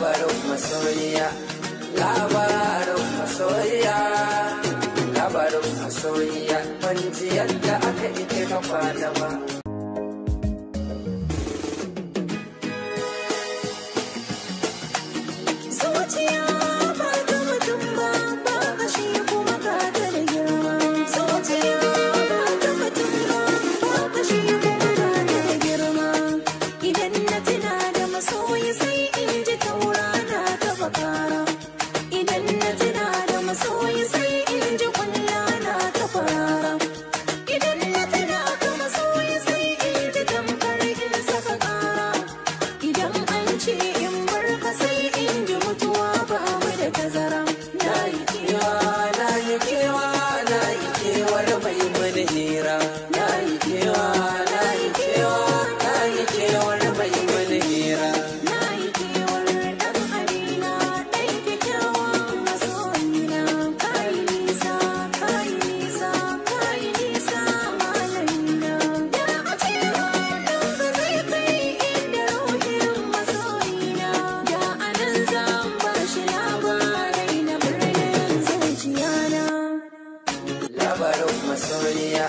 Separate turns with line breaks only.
labarin masoyiya labarin masoyiya labarin masoyiya ban ji yadda
aka ike ka kwana ba ce in bar sai in ji mutuwa ba mu da tazara na yi
Soy yo.